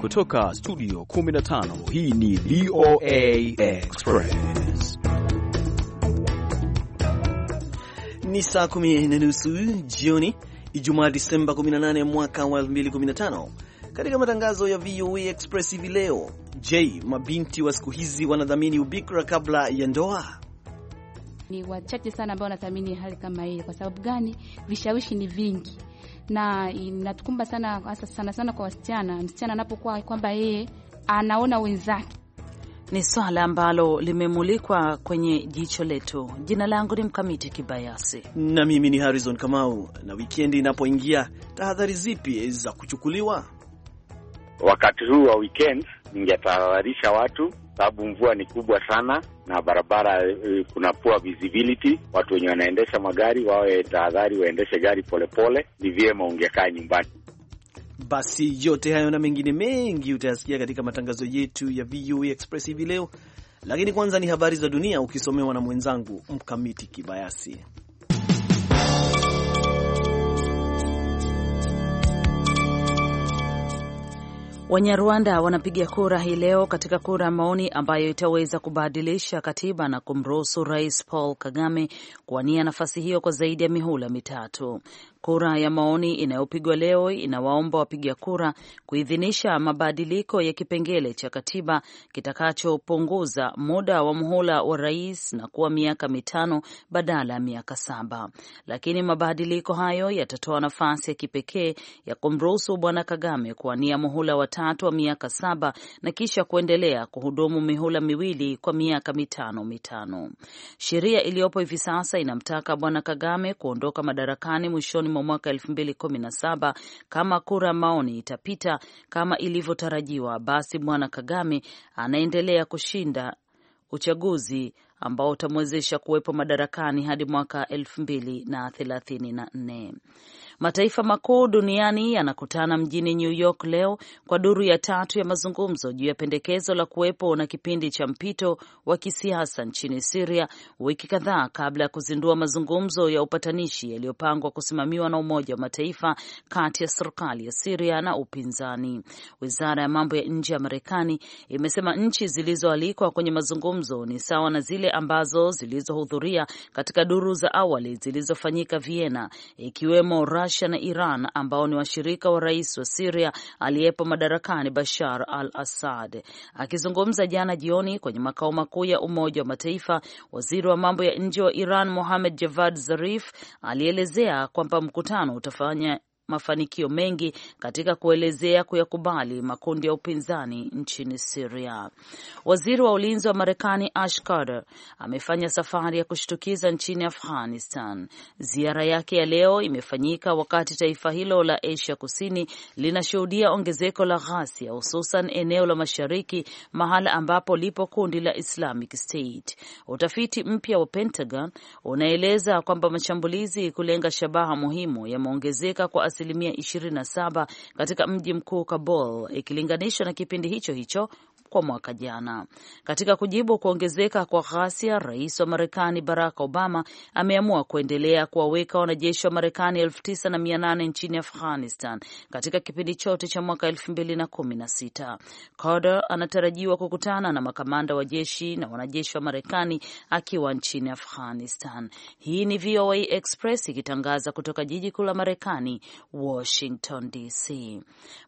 Kutoka studio 15 hii ni VOA Express. Ni saa kumi na nusu jioni Ijumaa Disemba 18 mwaka wa 2015. Katika matangazo ya VOA Express hivi leo, je, mabinti wa siku hizi wanadhamini ubikra kabla ya ndoa? Ni wachache sana ambao wanathamini hali kama hii. Kwa sababu gani? Vishawishi ni vingi na inatukumba sana hasa sana sana kwa wasichana. Msichana anapokuwa kwamba yeye anaona wenzake ni swala ambalo limemulikwa kwenye jicho letu. Jina langu ni Mkamiti Kibayasi na mimi ni Harrison Kamau. Na wikendi inapoingia, tahadhari zipi za kuchukuliwa wakati huu wa weekend? Ningetahadharisha watu sababu mvua ni kubwa sana na barabara e, kuna poor visibility. Watu wenye wanaendesha magari wawe tahadhari, waendeshe gari polepole. Ni vyema ungekaa nyumbani. Basi yote hayo na mengine mengi utayasikia katika matangazo yetu ya VOA e Express hivi leo, lakini kwanza ni habari za dunia ukisomewa na mwenzangu Mkamiti Kibayasi. Wanyarwanda wanapiga kura hii leo katika kura ya maoni ambayo itaweza kubadilisha katiba na kumruhusu Rais Paul Kagame kuwania nafasi hiyo kwa zaidi ya mihula mitatu. Kura ya maoni inayopigwa leo inawaomba wapiga kura kuidhinisha mabadiliko ya kipengele cha katiba kitakachopunguza muda wa muhula wa rais na kuwa miaka mitano badala ya miaka saba, lakini mabadiliko hayo yatatoa nafasi ya kipekee ya kumruhusu Bwana Kagame kuwania muhula watatu wa miaka saba na kisha kuendelea kuhudumu mihula miwili kwa miaka mitano mitano. Sheria iliyopo hivi sasa inamtaka Bwana Kagame kuondoka madarakani mwishoni mwishoni mwa mwaka 2017 kama kura maoni itapita kama ilivyotarajiwa, basi Bwana Kagame anaendelea kushinda uchaguzi ambao utamwezesha kuwepo madarakani hadi mwaka elfu mbili na thelathini na nne. Mataifa makuu duniani yanakutana mjini New York leo kwa duru ya tatu ya mazungumzo juu ya pendekezo la kuwepo na kipindi cha mpito wa kisiasa nchini Siria, wiki kadhaa kabla ya kuzindua mazungumzo ya upatanishi yaliyopangwa kusimamiwa na Umoja wa Mataifa kati ya serikali ya Siria na upinzani. Wizara ya mambo ya nje ya Marekani imesema nchi zilizoalikwa kwenye mazungumzo ni sawa na zile ambazo zilizohudhuria katika duru za awali zilizofanyika Vienna, ikiwemo Russia, Russia na Iran ambao ni washirika wa rais wa Siria aliyepo madarakani Bashar al Assad. Akizungumza jana jioni kwenye makao makuu ya Umoja wa Mataifa, waziri wa mambo ya nje wa Iran Mohamed Javad Zarif alielezea kwamba mkutano utafanya mafanikio mengi katika kuelezea kuyakubali makundi ya upinzani nchini siria Waziri wa ulinzi wa Marekani Ash Carter amefanya safari ya kushtukiza nchini Afghanistan. Ziara yake ya leo imefanyika wakati taifa hilo la Asia Kusini linashuhudia ongezeko la ghasia, hususan eneo la mashariki, mahala ambapo lipo kundi la Islamic State. Utafiti mpya wa Pentagon unaeleza kwamba mashambulizi kulenga shabaha muhimu yameongezeka kwa asilimia 27 katika mji mkuu Kabul ikilinganishwa na kipindi hicho hicho kwa mwaka jana. Katika kujibu kuongezeka kwa ghasia, rais wa Marekani Barack Obama ameamua kuendelea kuwaweka wanajeshi wa Marekani elfu tisa na mia nane nchini Afghanistan katika kipindi chote cha mwaka elfu mbili na kumi na sita. Corder anatarajiwa kukutana na makamanda wa jeshi na wanajeshi wa Marekani akiwa nchini Afghanistan. Hii ni VOA Express ikitangaza kutoka jiji kuu la Marekani, Washington DC.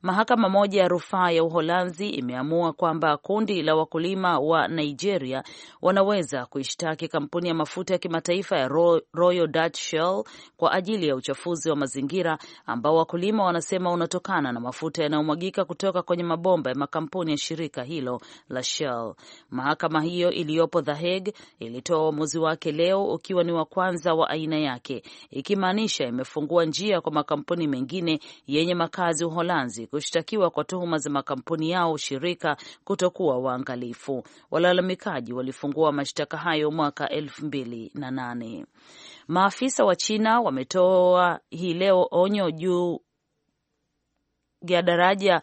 Mahakama moja ya rufaa ya Uholanzi imeamua kwamba kundi la wakulima wa Nigeria wanaweza kuishtaki kampuni ya mafuta ya kimataifa ya Royal Dutch Shell kwa ajili ya uchafuzi wa mazingira ambao wakulima wanasema unatokana na mafuta yanayomwagika kutoka kwenye mabomba ya makampuni ya shirika hilo la Shell. Mahakama hiyo iliyopo The Hague ilitoa uamuzi wake leo ukiwa ni wa kwanza wa aina yake, ikimaanisha imefungua njia kwa makampuni mengine yenye makazi Uholanzi kushtakiwa kwa tuhuma za makampuni yao shirika kutu kutokuwa waangalifu. Walalamikaji walifungua mashtaka hayo mwaka elfu mbili na nane. Maafisa wa China wametoa hii leo onyo juu ya daraja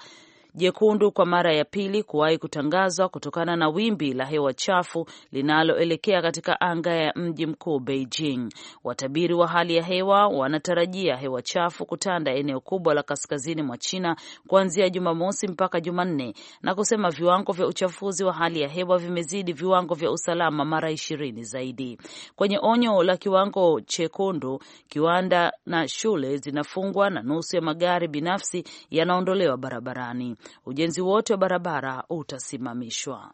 jekundu kwa mara ya pili kuwahi kutangazwa kutokana na wimbi la hewa chafu linaloelekea katika anga ya mji mkuu Beijing. Watabiri wa hali ya hewa wanatarajia hewa chafu kutanda eneo kubwa la kaskazini mwa China kuanzia Jumamosi mpaka Jumanne na kusema viwango vya uchafuzi wa hali ya hewa vimezidi viwango vya usalama mara ishirini zaidi. Kwenye onyo la kiwango chekundu, kiwanda na shule zinafungwa na nusu ya magari binafsi yanaondolewa barabarani. Ujenzi wote wa barabara utasimamishwa.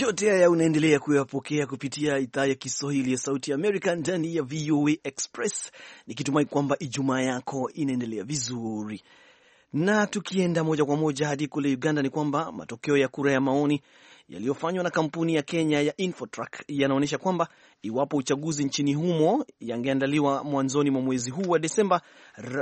Yote haya unaendelea kuyapokea kupitia idhaa ya Kiswahili ya Sauti ya Amerika ndani ya VOA Express, nikitumai kwamba Ijumaa yako inaendelea vizuri. Na tukienda moja kwa moja hadi kule Uganda, ni kwamba matokeo ya kura ya maoni yaliyofanywa na kampuni ya Kenya ya Infotrack yanaonyesha kwamba iwapo uchaguzi nchini humo yangeandaliwa mwanzoni mwa mwezi huu wa Desemba,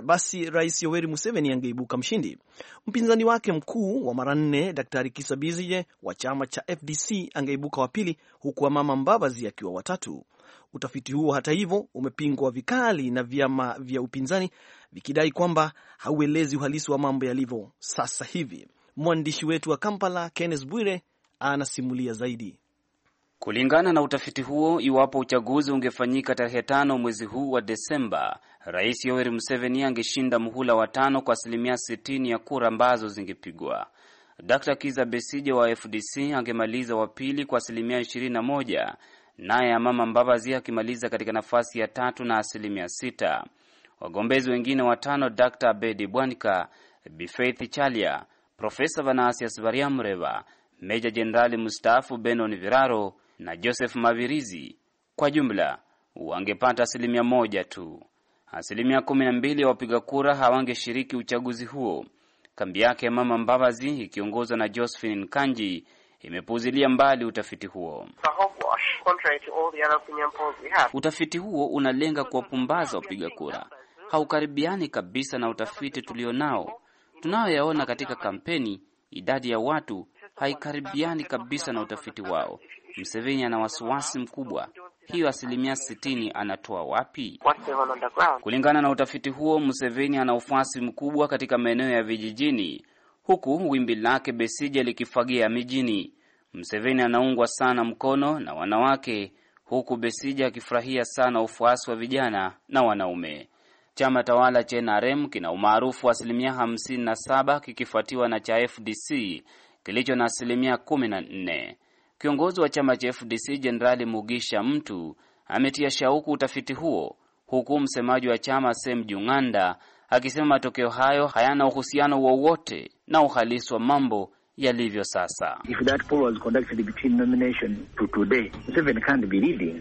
basi Rais Yoweri Museveni angeibuka mshindi. Mpinzani wake mkuu wa mara nne Daktari Kizza Besigye wa chama cha FDC angeibuka wa pili, huku Amama Mbabazi akiwa watatu. Utafiti huo hata hivyo umepingwa vikali na vyama vya upinzani vikidai kwamba hauelezi uhalisi wa mambo yalivyo sasa hivi. Mwandishi wetu wa Kampala Kenneth Bwire anasimulia zaidi. Kulingana na utafiti huo, iwapo uchaguzi ungefanyika tarehe tano mwezi huu wa Desemba, Rais Yoweri Museveni angeshinda muhula wa tano kwa asilimia 60 ya kura ambazo zingepigwa. Dr Kiza Besije wa FDC angemaliza wa pili kwa asilimia 21, naye Amama Mbabazi akimaliza katika nafasi ya tatu na asilimia 6. Wagombezi wengine watano Dr Abedi Bwanika, Bifeithi Chalia, Profesa Vanasius Variamreva Meja Jenerali mstaafu Benon Viraro na Joseph Mavirizi kwa jumla wangepata asilimia moja tu. Asilimia kumi na mbili ya wapiga kura hawangeshiriki uchaguzi huo. Kambi yake ya Mama Mbabazi ikiongozwa na Josephine Nkanji imepuuzilia mbali utafiti huo. Utafiti huo unalenga kuwapumbaza wapiga kura, haukaribiani kabisa na utafiti tulionao tunayoyaona katika kampeni, idadi ya watu haikaribiani kabisa na utafiti wao. Mseveni ana wasiwasi mkubwa, hiyo asilimia sitini anatoa wapi? Kulingana na utafiti huo, mseveni ana ufuasi mkubwa katika maeneo ya vijijini, huku wimbi lake besija likifagia mijini. mseveni anaungwa sana mkono na wanawake, huku besija akifurahia sana ufuasi wa vijana na wanaume. Chama tawala cha NRM kina umaarufu wa asilimia 57 kikifuatiwa na cha FDC kilicho na asilimia 14. Kiongozi wa chama cha FDC Jenerali Mugisha Mtu ametia shauku utafiti huo, huku msemaji wa chama Sem Jung'anda akisema matokeo hayo hayana uhusiano wowote na uhalisi wa mambo yalivyo sasa.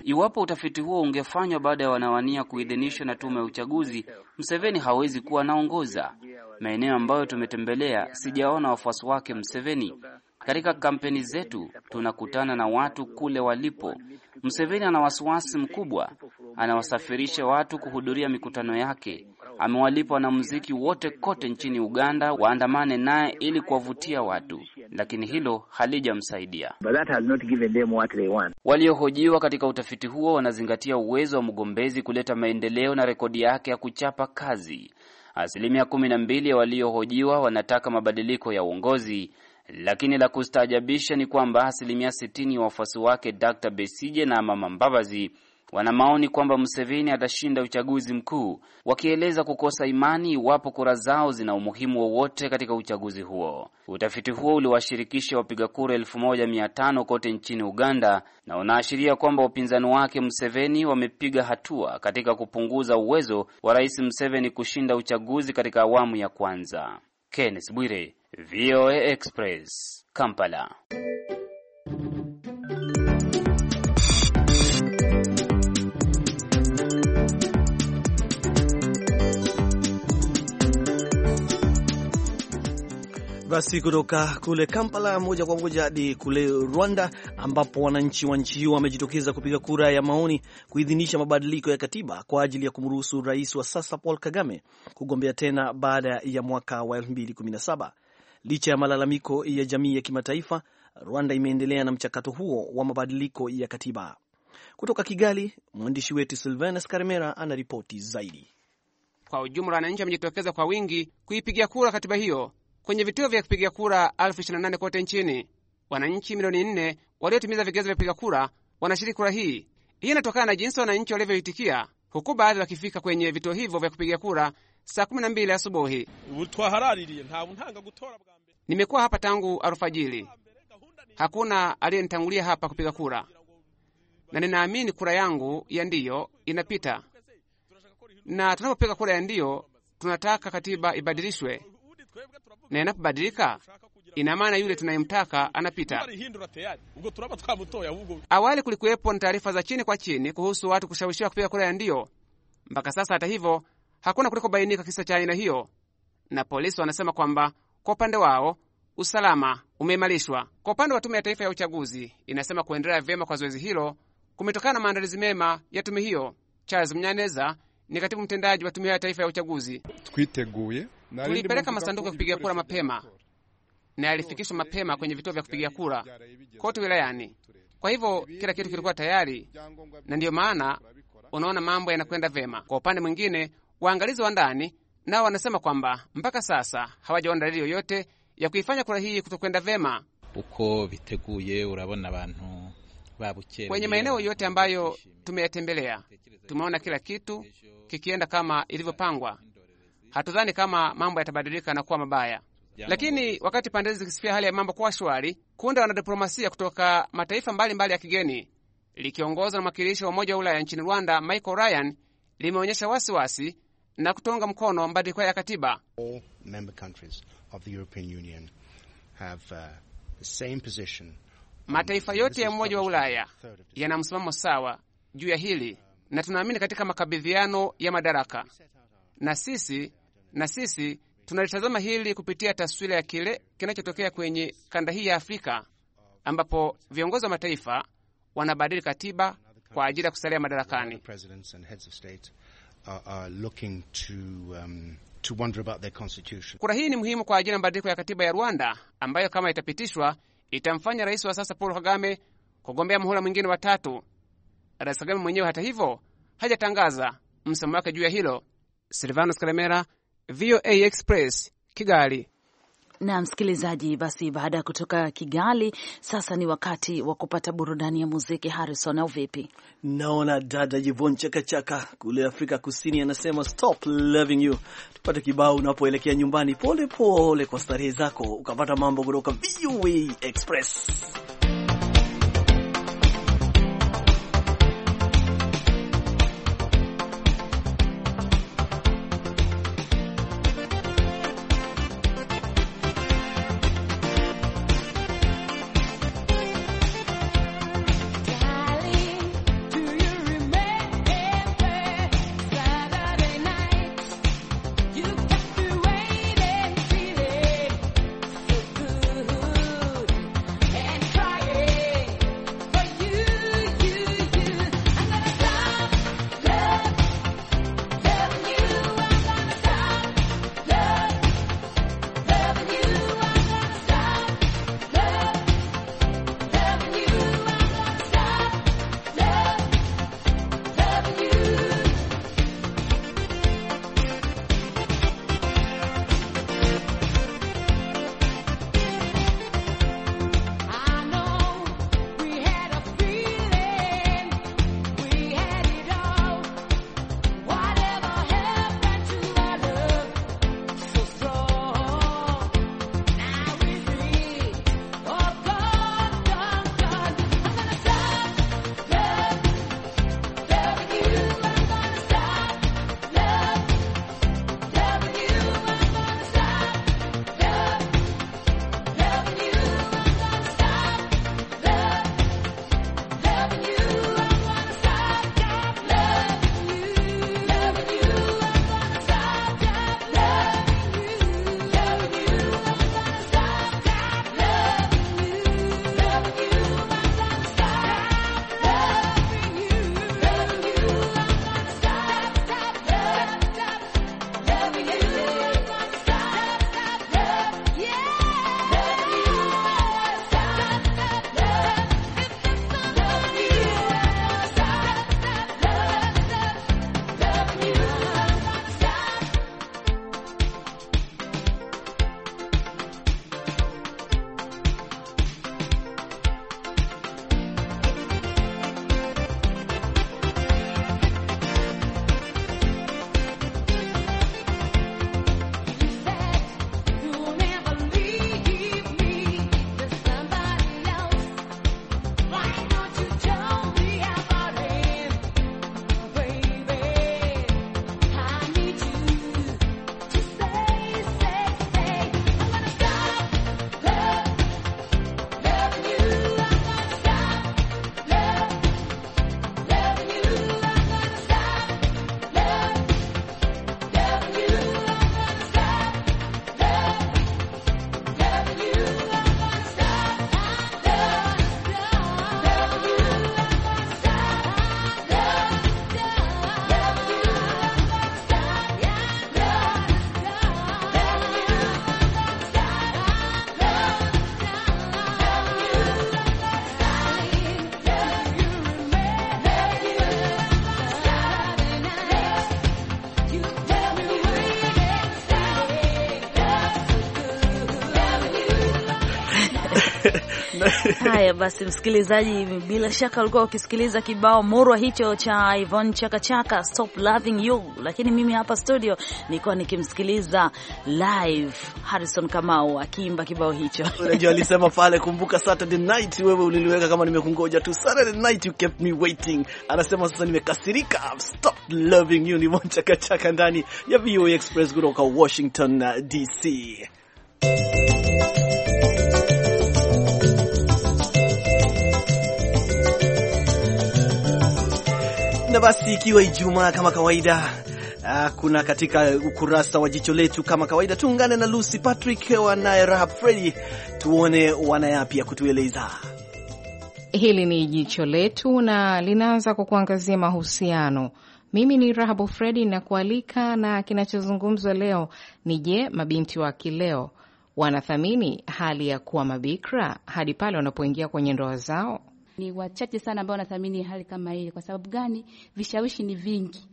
Iwapo utafiti huo ungefanywa baada ya wanawania kuidhinishwa na tume ya uchaguzi, Mseveni hawezi kuwa anaongoza. Maeneo ambayo tumetembelea, sijaona wafuasi wake Mseveni. Katika kampeni zetu tunakutana na watu kule walipo. Museveni ana wasiwasi mkubwa, anawasafirisha watu kuhudhuria mikutano yake. Amewalipa wanamuziki wote kote nchini Uganda waandamane naye ili kuwavutia watu, lakini hilo halijamsaidia. Waliohojiwa katika utafiti huo wanazingatia uwezo wa mgombezi kuleta maendeleo na rekodi yake ya kuchapa kazi. Asilimia kumi na mbili ya waliohojiwa wanataka mabadiliko ya uongozi lakini la kustaajabisha ni kwamba asilimia 60 ya wafuasi wake Dr Besije na Mama Mbabazi wana maoni kwamba Museveni atashinda uchaguzi mkuu, wakieleza kukosa imani iwapo kura zao zina umuhimu wowote katika uchaguzi huo. Utafiti huo uliwashirikisha wapiga kura 1500 kote nchini Uganda na unaashiria kwamba wapinzani wake Museveni wamepiga hatua katika kupunguza uwezo wa Rais Museveni kushinda uchaguzi katika awamu ya kwanza. Kenneth Bwire, VOA Express Kampala. Basi kutoka kule Kampala moja kwa moja hadi kule Rwanda, ambapo wananchi wa nchi hiyo wamejitokeza kupiga kura ya maoni kuidhinisha mabadiliko ya katiba kwa ajili ya kumruhusu rais wa sasa Paul Kagame kugombea tena baada ya mwaka wa 2017. Licha ya malalamiko ya jamii ya kimataifa, Rwanda imeendelea na mchakato huo wa mabadiliko ya katiba. Kutoka Kigali, mwandishi wetu Silvanus Karemera ripoti zaidi. Kwa ujumla, wananchi wamejitokeza kwa wingi kuipigia kura katiba hiyo kwenye vituo vya kupiga kura 28 kote nchini. Wananchi milioni nne waliotimiza vigezo vya kupiga kura wanashiriki kura hii. Hii inatokana na jinsi wananchi walivyoitikia huku baadhi wakifika kwenye vituo hivyo vya kupiga kura saa 12 asubuhi. Nimekuwa hapa tangu alfajiri, hakuna aliyenitangulia hapa kupiga kura, na ninaamini kura yangu ya ndiyo inapita. Na tunapopiga kura ya ndiyo, tunataka katiba ibadilishwe, na inapobadilika, ina maana yule tunayemtaka anapita. Awali kulikuwepo na taarifa za chini kwa chini kuhusu watu kushawishiwa kupiga kura ya ndio. Mpaka sasa, hata hivyo, hakuna kulikobainika kisa cha aina hiyo, na polisi wanasema kwamba kwa upande wao usalama umeimarishwa. Kwa upande wa Tume ya Taifa ya Uchaguzi, inasema kuendelea vyema kwa zoezi hilo kumetokana na maandalizi mema ya tume hiyo. Charles mnyaneza ni katibu mtendaji wa Tume ya Taifa ya Uchaguzi. Tulipeleka masanduku ya kupiga kura mapema na yalifikishwa mapema kwenye vituo vya kupigia kura kote wilayani. Kwa hivyo kila kitu kilikuwa tayari, na ndiyo maana unaona mambo yanakwenda vema. Kwa upande mwingine, waangalizi wa ndani nao wanasema kwamba mpaka sasa hawajaona dalili yoyote ya kuifanya kura hii kutokwenda vema. uko viteguye urabona abantu kwenye maeneo yote ambayo tumeyatembelea tumeona kila kitu kikienda kama ilivyopangwa. Hatudhani kama mambo yatabadilika na kuwa mabaya. Lakini wakati pande hizi zikisifia hali ya mambo kuwa shwari, kundi la wanadiplomasia kutoka mataifa mbalimbali mbali ya kigeni likiongozwa na mwakilishi wa Umoja wa Ulaya nchini Rwanda Michael Ryan limeonyesha wasiwasi na kutonga mkono mabadiliko ya katiba. Uh, mataifa yote ya Umoja wa Ulaya yana msimamo sawa juu ya hili, na tunaamini katika makabidhiano ya madaraka, na sisi na sisi Tunalitazama hili kupitia taswira ya kile kinachotokea kwenye kanda hii ya Afrika ambapo viongozi wa mataifa wanabadili katiba kwa ajili ya kusalia madarakani. Um, Kura hii ni muhimu kwa ajili ya mabadiliko ya katiba ya Rwanda ambayo kama itapitishwa itamfanya rais wa sasa Paul Kagame kugombea muhula mwingine wa tatu. Rais Kagame mwenyewe hata hivyo hajatangaza msemo wake juu ya hilo. Silvanus Kalemera, VOA Express Kigali. Na msikilizaji, basi baada ya kutoka Kigali, sasa ni wakati wa kupata burudani ya muziki. Harrison, au vipi? Naona dada Yvonne Chakachaka kule Afrika Kusini anasema stop loving you. Tupate kibao unapoelekea nyumbani, pole pole kwa starehe zako, ukapata mambo kutoka VOA Express. Haya basi, msikilizaji, bila shaka ulikuwa ukisikiliza kibao murwa hicho cha Ivon Chakachaka, Stop Loving You, lakini mimi hapa studio nilikuwa nikimsikiliza live Harrison Kamau akiimba kibao hicho. Unajua alisema pale, kumbuka Saturday night, wewe uliliweka kama nimekungoja tu, Saturday night you kept me waiting. Anasema sasa nimekasirika, stop loving you. Ni Ivon Chakachaka ndani ya VOA Express kutoka Washington DC. na basi, ikiwa Ijumaa kama kawaida ah, kuna katika ukurasa wa jicho letu kama kawaida, tuungane na Lucy Patrick wanaye Rahab Fredi, tuone wanayapya kutueleza. Hili ni jicho letu na linaanza kwa kuangazia mahusiano. Mimi ni Rahabu Fredi na kualika, na kinachozungumzwa leo ni je, mabinti wa kileo wanathamini hali ya kuwa mabikra hadi pale wanapoingia kwenye ndoa zao? Ni wachache sana ambao wanathamini hali kama ile. Kwa sababu gani? Vishawishi ni vingi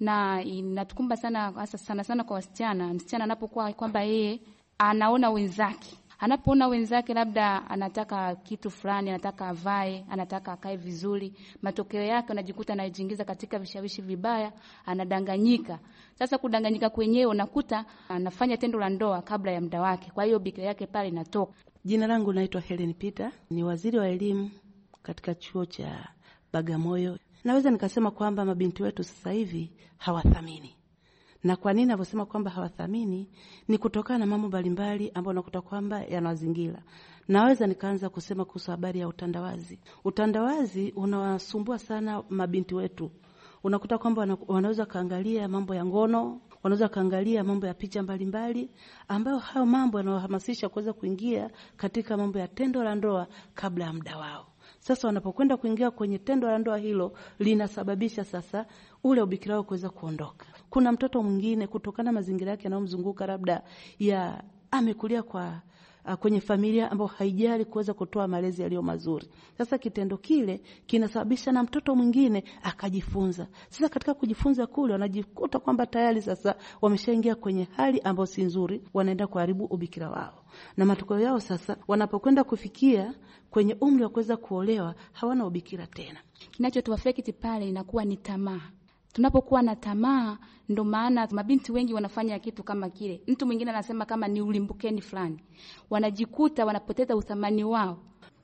na inatukumba sana hasa sana sana kwa wasichana. Msichana anapokuwa kwamba yeye anaona wenzake anapoona wenzake labda anataka kitu fulani, anataka avae, anataka akae vizuri, matokeo yake unajikuta anajiingiza katika vishawishi vibaya, anadanganyika. Sasa kudanganyika kwenyewe, unakuta anafanya tendo la ndoa kabla ya muda wake, kwa hiyo bikira yake pale inatoka. Jina langu naitwa Helen Peter, ni waziri wa elimu katika chuo cha Bagamoyo. Naweza nikasema kwamba mabinti wetu sasa hivi hawathamini na kwa nini navyosema kwamba hawathamini ni kutokana na mambo mbalimbali ambayo nakuta kwamba yanawazingira. Naweza nikaanza kusema kuhusu habari ya utandawazi. Utandawazi unawasumbua sana mabinti wetu, unakuta kwamba wanaweza kaangalia mambo ya ngono, wanaweza kaangalia mambo ya picha mbalimbali, ambayo hayo mambo yanawahamasisha kuweza kuingia katika mambo ya tendo la ndoa kabla ya muda wao. Sasa wanapokwenda kuingia kwenye tendo la ndoa, hilo linasababisha sasa ule ubikira wao kuweza kuondoka. Kuna mtoto mwingine kutokana na mazingira yake yanayomzunguka labda ya amekulia kwa Uh, kwenye familia ambayo haijali kuweza kutoa malezi yaliyo mazuri. Sasa kitendo kile kinasababisha na mtoto mwingine akajifunza. Sasa katika kujifunza kule, wanajikuta kwamba tayari sasa wameshaingia kwenye hali ambayo si nzuri, wanaenda kuharibu ubikira wao na matokeo yao sasa, wanapokwenda kufikia kwenye umri wa kuweza kuolewa hawana ubikira tena. Kinachotuafekti pale inakuwa ni tamaa Tunapokuwa na tamaa, ndo maana mabinti wengi wanafanya kitu kama kile. Mtu mwingine anasema kama ni ulimbukeni fulani, wanajikuta wanapoteza uthamani wao.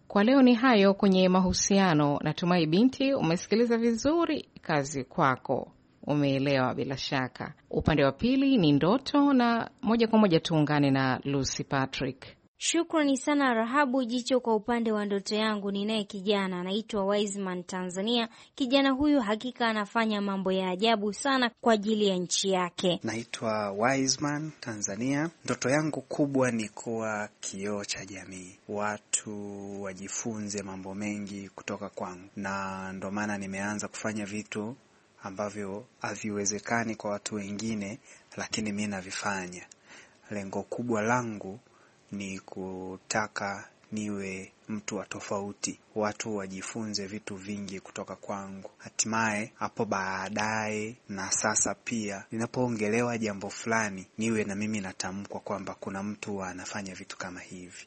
Kwa leo ni hayo kwenye mahusiano. Natumai binti umesikiliza vizuri, kazi kwako, umeelewa bila shaka. Upande wa pili ni ndoto, na moja kwa moja tuungane na Lucy Patrick. Shukrani sana Rahabu Jicho kwa upande wa ndoto yangu. Ninaye kijana anaitwa Wiseman Tanzania. Kijana huyu hakika anafanya mambo ya ajabu sana kwa ajili ya nchi yake. Naitwa Wiseman Tanzania. Ndoto yangu kubwa ni kuwa kioo cha jamii, watu wajifunze mambo mengi kutoka kwangu, na ndo maana nimeanza kufanya vitu ambavyo haviwezekani kwa watu wengine, lakini mi navifanya. Lengo kubwa langu ni kutaka niwe mtu wa tofauti, watu wajifunze vitu vingi kutoka kwangu. Hatimaye hapo baadaye na sasa pia, ninapoongelewa jambo fulani, niwe na mimi natamkwa kwamba kuna mtu anafanya vitu kama hivi.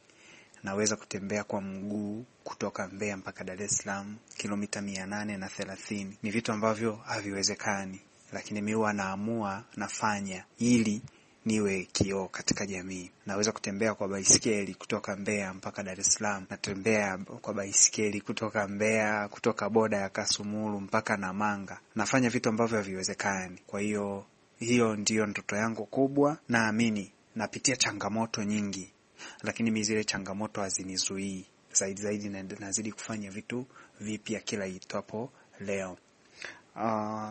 Naweza kutembea kwa mguu kutoka Mbeya mpaka Dar es Salaam kilomita mia nane na thelathini. Ni vitu ambavyo haviwezekani, lakini mi huwa naamua nafanya ili niwe kioo katika jamii. Naweza kutembea kwa baisikeli kutoka Mbeya mpaka Dar es Salaam, natembea kwa baisikeli kutoka Mbeya, kutoka boda ya Kasumulu mpaka Namanga. Nafanya vitu ambavyo haviwezekani. Kwa hiyo, hiyo ndiyo ndoto yangu kubwa. Naamini napitia changamoto nyingi, lakini mi zile changamoto hazinizuii zaidi zaidi, nazidi kufanya vitu vipya kila itwapo leo. Uh,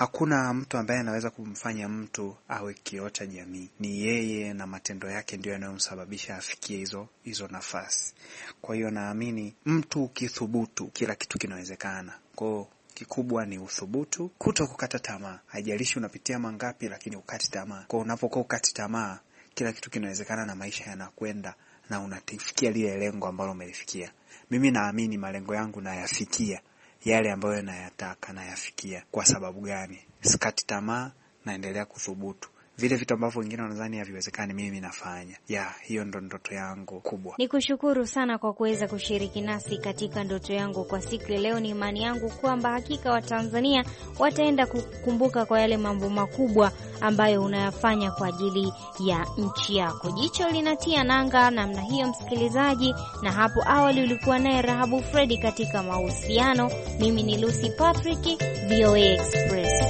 Hakuna mtu ambaye anaweza kumfanya mtu awe kiota jamii. Ni yeye na matendo yake ndio yanayomsababisha afikie hizo hizo nafasi. Kwa hiyo naamini mtu ukithubutu, kila kitu kinawezekana. Kwao kikubwa ni uthubutu, kuto kukata tamaa. Haijalishi unapitia mangapi, lakini ukati tamaa. Kwao unapokuwa ukati tamaa, kila kitu kinawezekana na maisha yanakwenda na unafikia lile lengo ambalo umelifikia. Mimi naamini malengo yangu nayafikia yale ambayo nayataka nayafikia. Kwa sababu gani? Sikati tamaa, naendelea kuthubutu vile vitu ambavyo wengine wanadhani haviwezekani, mimi nafanya. Ya, hiyo ndo ndoto yangu kubwa. ni kushukuru sana kwa kuweza kushiriki nasi katika ndoto yangu kwa siku ya leo. Ni imani yangu kwamba hakika Watanzania wataenda kukumbuka kwa yale mambo makubwa ambayo unayafanya kwa ajili ya nchi yako. Jicho linatia nanga namna hiyo, msikilizaji, na hapo awali ulikuwa naye Rahabu Fredi katika mahusiano. Mimi ni Lucy Patrick, VOA Express.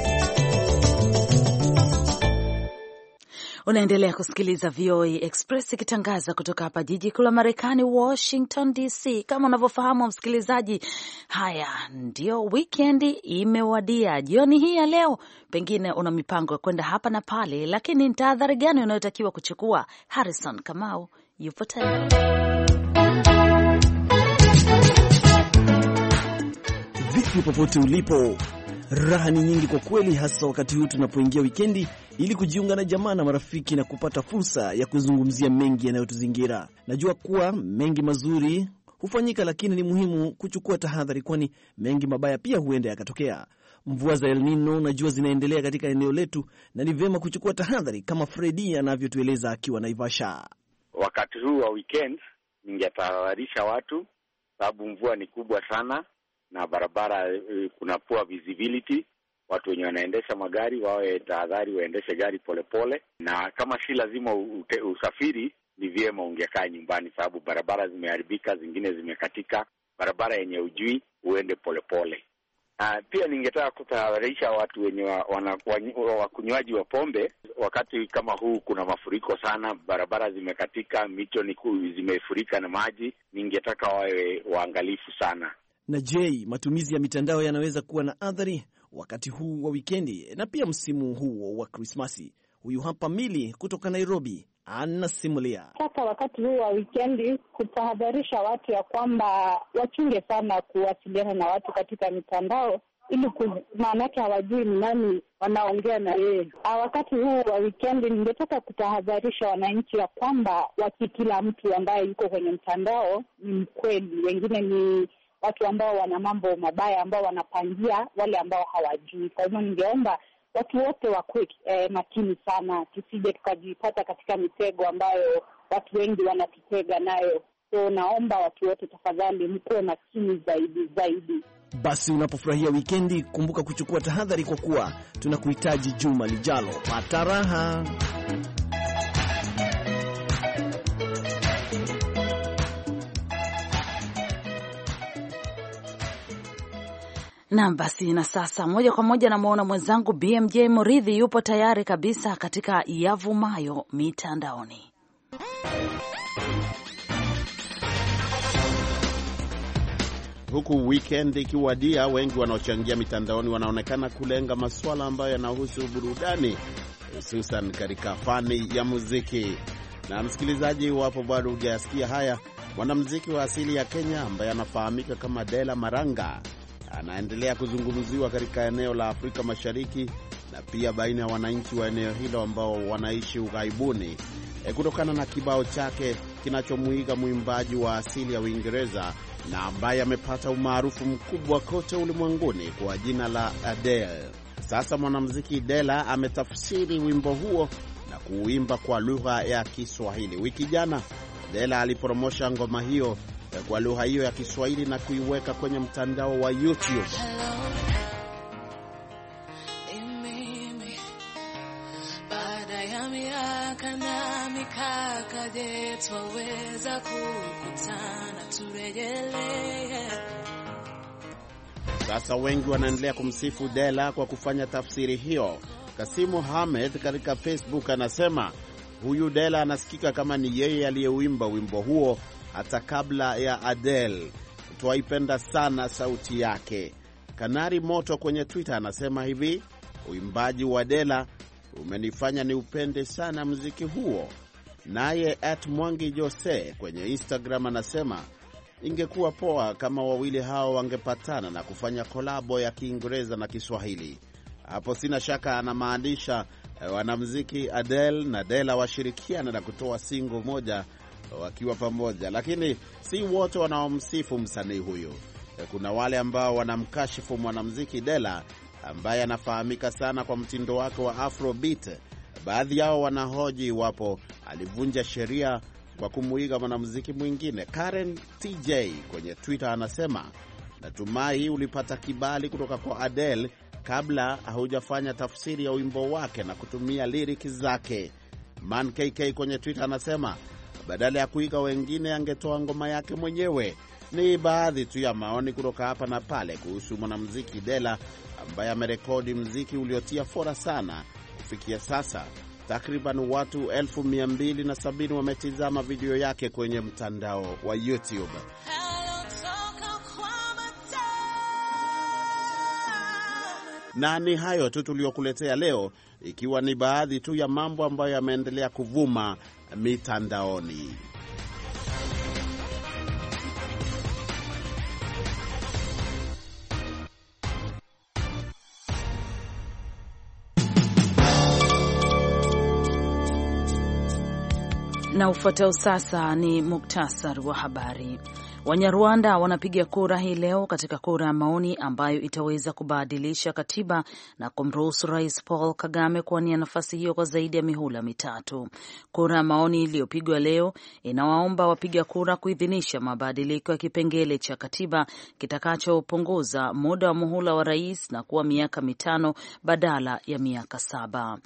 Unaendelea kusikiliza VOA Express ikitangaza kutoka hapa jiji kuu la Marekani, Washington DC. Kama unavyofahamu msikilizaji, haya ndio wikendi imewadia. Jioni hii ya leo, pengine una mipango ya kwenda hapa na pale, lakini ni tahadhari gani unayotakiwa kuchukua? Harrison Kamau yupo tayari. Vipi popote ulipo Raha ni nyingi kwa kweli, hasa wakati huu tunapoingia wikendi, ili kujiunga na jamaa na marafiki na kupata fursa ya kuzungumzia mengi yanayotuzingira. Najua kuwa mengi mazuri hufanyika, lakini ni muhimu kuchukua tahadhari, kwani mengi mabaya pia huenda yakatokea. Mvua za El Nino najua zinaendelea katika eneo letu, na ni vyema kuchukua tahadhari kama Fredi anavyotueleza akiwa Naivasha. Wakati huu wa weekend, ningetahadharisha watu sababu mvua ni kubwa sana na barabara eh, kunakuwa visibility, watu wenye wanaendesha magari wawe tahadhari, waendeshe gari polepole pole. Na kama si lazima ute, usafiri ni vyema ungekaa nyumbani, sababu barabara zimeharibika, zingine zimekatika. Barabara yenye ujui uende polepole. Ah, pia ningetaka kutahadharisha watu wenye wakunywaji wa, wa pombe. Wakati kama huu kuna mafuriko sana, barabara zimekatika, mito mikuu zimefurika na maji. Ningetaka wawe waangalifu sana. Na je, matumizi ya mitandao yanaweza kuwa na athari wakati huu wa wikendi na pia msimu huo wa Krismasi? Huyu hapa Mili kutoka Nairobi anasimulia. Sasa wakati huu wa wikendi, kutahadharisha watu ya kwamba wachunge sana kuwasiliana na watu katika mitandao ili maanake hawajui ni nani wanaongea na yeye. Ah, wakati huu wa wikendi, ningetaka kutahadharisha wananchi ya kwamba wakikila kila mtu ambaye yuko kwenye mtandao ni mkweli, wengine ni watu ambao wana mambo mabaya ambao wanapangia wale ambao hawajui. Kwa hivyo ningeomba watu wote wakuwe eh, makini sana, tusije tukajipata katika mitego ambayo watu wengi wanatutega nayo. So naomba watu wote tafadhali, mkuwe makini zaidi zaidi. Basi unapofurahia wikendi, kumbuka kuchukua tahadhari, kwa kuwa tunakuhitaji juma lijalo. Pata raha. Nam basi, na sasa moja kwa moja namwona mwenzangu BMJ mridhi yupo tayari kabisa katika yavumayo mitandaoni. Huku weekend ikiwadia, wengi wanaochangia mitandaoni wanaonekana kulenga masuala ambayo yanahusu burudani, hususan katika fani ya muziki. Na msikilizaji, iwapo bado hujayasikia haya, mwanamuziki wa asili ya Kenya ambaye anafahamika kama Dela Maranga anaendelea kuzungumziwa katika eneo la Afrika Mashariki na pia baina ya wananchi wa eneo hilo ambao wanaishi ughaibuni e, kutokana na kibao chake kinachomwiga mwimbaji wa asili ya Uingereza na ambaye amepata umaarufu mkubwa kote ulimwenguni kwa jina la Adele. Sasa mwanamuziki Dela ametafsiri wimbo huo na kuuimba kwa lugha ya Kiswahili. Wiki jana Dela alipromosha ngoma hiyo kwa lugha hiyo ya Kiswahili na kuiweka kwenye mtandao wa YouTube. Sasa wengi wanaendelea kumsifu Dela kwa kufanya tafsiri hiyo. Kasimu Hamed katika Facebook anasema huyu Dela anasikika kama ni yeye aliyeuimba wimbo huo hata kabla ya Adele. Twaipenda sana sauti yake. Kanari Moto kwenye Twitter anasema hivi, uimbaji wa Dela umenifanya ni upende sana mziki huo. Naye at Mwangi Jose kwenye Instagram anasema ingekuwa poa kama wawili hao wangepatana na kufanya kolabo ya Kiingereza na Kiswahili. Hapo sina shaka anamaanisha eh, wanamziki Adele na Dela washirikiana na kutoa singo moja wakiwa pamoja, lakini si wote wanaomsifu msanii huyu. Eh, kuna wale ambao wanamkashifu mwanamuziki Dela ambaye anafahamika sana kwa mtindo wake wa afrobeat. Baadhi yao wanahoji iwapo alivunja sheria kwa kumuiga mwanamuziki mwingine. Karen TJ kwenye Twitter anasema natumai ulipata kibali kutoka kwa Adele kabla haujafanya tafsiri ya wimbo wake na kutumia liriki zake. Man KK kwenye Twitter anasema badala ya kuiga wengine angetoa ngoma yake mwenyewe. Ni baadhi tu ya maoni kutoka hapa na pale kuhusu mwanamuziki Dela ambaye amerekodi mziki uliotia fora sana kufikia sasa. Takriban watu elfu mia mbili na sabini wametizama video yake kwenye mtandao wa YouTube. Na ni hayo tu tuliyokuletea leo, ikiwa ni baadhi tu ya mambo ambayo yameendelea kuvuma mitandaoni. Na ufuatao sasa ni muktasar wa habari. Wanyarwanda wanapiga kura hii leo katika kura ya maoni ambayo itaweza kubadilisha katiba na kumruhusu Rais Paul Kagame kuwania nafasi hiyo kwa zaidi ya mihula mitatu. Kura ya maoni iliyopigwa leo inawaomba wapiga kura kuidhinisha mabadiliko ya kipengele cha katiba kitakachopunguza muda wa muhula wa rais na kuwa miaka mitano badala ya miaka saba.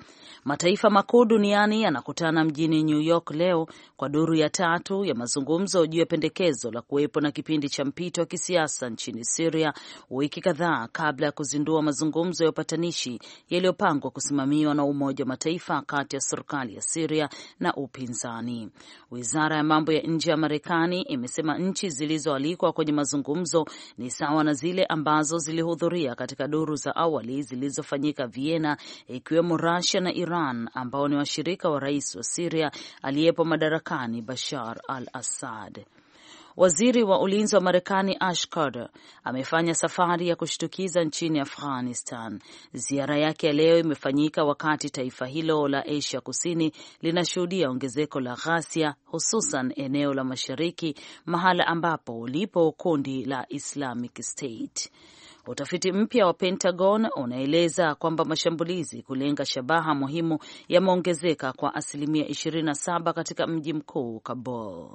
Mataifa makuu duniani yanakutana mjini New York leo kwa duru ya tatu ya mazungumzo juu ya pendekezo la kuwe kuwepo na kipindi cha mpito wa kisiasa nchini siria wiki kadhaa kabla ya kuzindua mazungumzo ya upatanishi yaliyopangwa kusimamiwa na Umoja wa Mataifa kati ya serikali ya siria na upinzani. Wizara ya mambo ya nje ya Marekani imesema nchi zilizoalikwa kwenye mazungumzo ni sawa na zile ambazo zilihudhuria katika duru za awali zilizofanyika Vienna, ikiwemo Russia na Iran ambao ni washirika wa rais wa siria aliyepo madarakani Bashar al-Assad. Waziri wa ulinzi wa Marekani Ash Carter amefanya safari ya kushtukiza nchini Afghanistan. Ziara yake ya leo imefanyika wakati taifa hilo la Asia Kusini linashuhudia ongezeko la ghasia, hususan eneo la mashariki, mahala ambapo lipo kundi la Islamic State. Utafiti mpya wa Pentagon unaeleza kwamba mashambulizi kulenga shabaha muhimu yameongezeka kwa asilimia 27 katika mji mkuu Kabul.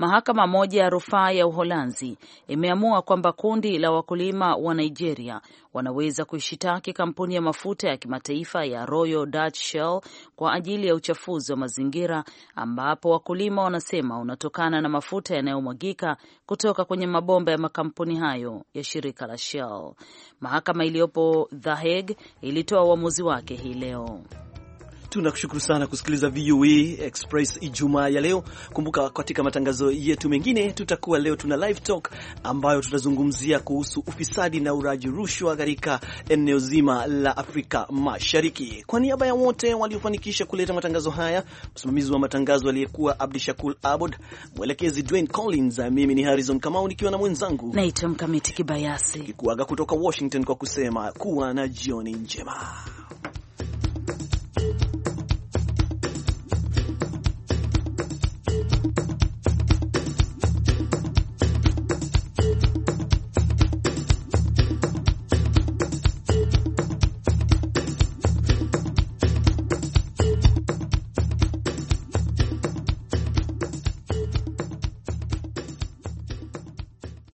Mahakama moja ya rufaa ya Uholanzi imeamua kwamba kundi la wakulima wa Nigeria wanaweza kuishitaki kampuni ya mafuta ya kimataifa ya Royal Dutch Shell kwa ajili ya uchafuzi wa mazingira, ambapo wakulima wanasema unatokana na mafuta yanayomwagika kutoka kwenye mabomba ya makampuni hayo ya shirika la Shell. Mahakama iliyopo The Hague ilitoa uamuzi wake hii leo. Tunakushukuru sana kusikiliza VOA Express Ijumaa ya leo. Kumbuka katika matangazo yetu mengine tutakuwa leo tuna live talk ambayo tutazungumzia kuhusu ufisadi na uraji rushwa katika eneo zima la Afrika Mashariki. Kwa niaba ya wote waliofanikisha kuleta matangazo haya, msimamizi wa matangazo aliyekuwa Abdishakur Abod, mwelekezi Dwayne Collins, mimi ni Harrison Kamau nikiwa na mwenzangu naitwa Mkamiti Kibayasi, kikuaga kutoka Washington kwa kusema kuwa na jioni njema.